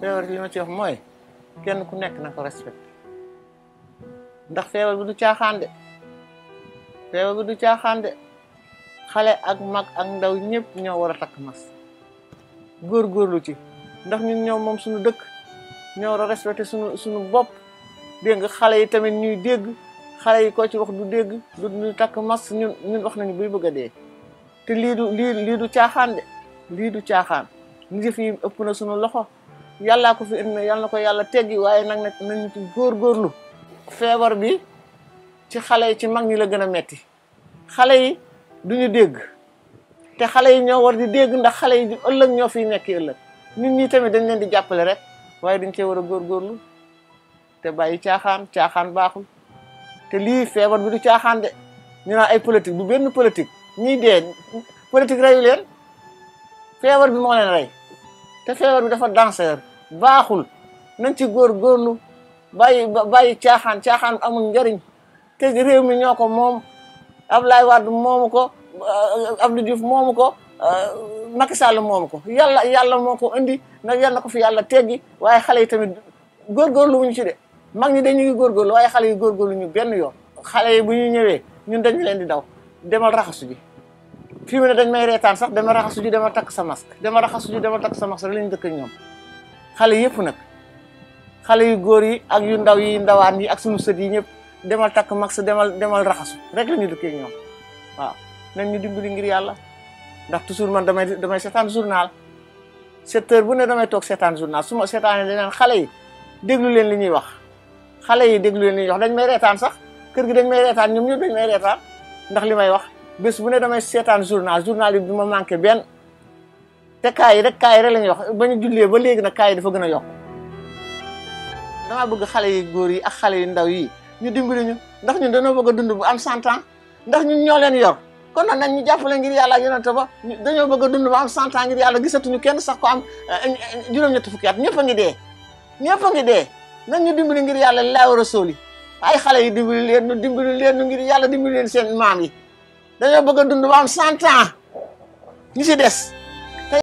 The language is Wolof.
feebar bi ma ci wax mooy kenn ku nekk na ko respecté ndax feebar bi du caaxaan de feebar bi xale ak mag ak ndaw ñëpp ñoo war a takk mas lu ci ndax ñun ñoo moom suñu dëkk ñoo war a respecté suñu bopp dégg nga xale yi tamit ñuy dégg xale yi koo ci wax du dégg du ñu takk mas ñun ñun wax nañu buy bëgg a dee te lii du lii lii du caaxaan de lii du caaxaan ñu yi ëpp na suñu loxo yàllaa ko fi indi yàlla ko yàlla teggi waaye nag nag nañu ci góorgóorlu feebar bi ci xale yi ci mag ñi la gën a metti xale yi duñu dégg te xale yi ñoo war di dégg ndax xale yi di ëllëg ñoo fi nekk ëllëg nit ñi tamit dañ leen di jàppale rek waaye dañ cee war a góorgóorlu te bàyyi caaxaan caaxaan baaxul te lii feebar bi du caaxaan de ñu naan ay politique bu benn politique ñiy de politique reyu leen feebar bi moo leen rey te feebar bi dafa danser baaxul nañ ci góorgóorlu bàyyi bàyyi caaxaan caaxaan amul njariñ te réew mi ñoo ko moom ab Ablaye Wade moom ko euh, Abdou Diouf moom ko euh, Macky Sall moomu ko yàlla yàlla moo ko indi nag yàlla ko fi yàlla teggi waaye xale yi tamit góor góorgóorlu wuñu ci de mag ñi góor góorgóorlu waaye xale yi góorgóorlu ñu benn yoon xale yi bu ñu ñëwee ñun dañu leen di daw demal raxasu ji fii mu ne dañ may reetaan sax dama raxasu ji dama takk sa mask dama raxasu ji dama takk sa masque lañu dëkk ak ñoom xale yëpp nag xale yu góor yi ak yu ndaw yi ndawaan yi ak suñu sët yi ñëpp demal takk masque demal demal raxasu rek la ñu dëkk ak ñoom waaw nañ ñu dimbali ngir yàlla ndax toujours man damay damay seetaan journal sept bu ne damay toog seetaan journal su ma seetaanee dañ naan xale yi déglu leen li ñuy wax xale yi déglu leen li ñuy wax dañ may reetaan sax kër gi dañ may reetaan ñoom ñëpp dañ may reetaan ndax li may wax bés bu ne damay seetaan journal journal yi du ma manqué benn te kaa yi rek kaayi yi rek la ñuy wax ba ñu jullee ba léegi nag kaayi yi dafa gën a yokk damaa bëgg xale yi góor yi ak xale yu ndaw yi ñu dimbali ñu ndax ñun dañoo bëgg a bu am cent ndax ñun ñoo leen yor kon nag nañ ñu jàppale ngir yàlla yonente ba dañoo bëgg a dund bu am cent ans gisatuñu kenn sax am eh, eh, juróom-ñetti fukki at ñëpp a ngi dee ñëpp a ngi dee nañ ñu dimbali ngir yàlla laaw rasool yi ay xale yi dimbali leen ñu dimbali leen ñu ngir yàlla dimbali leen seen maam yi dañoo bëgg a dund ba am cent ans ñi des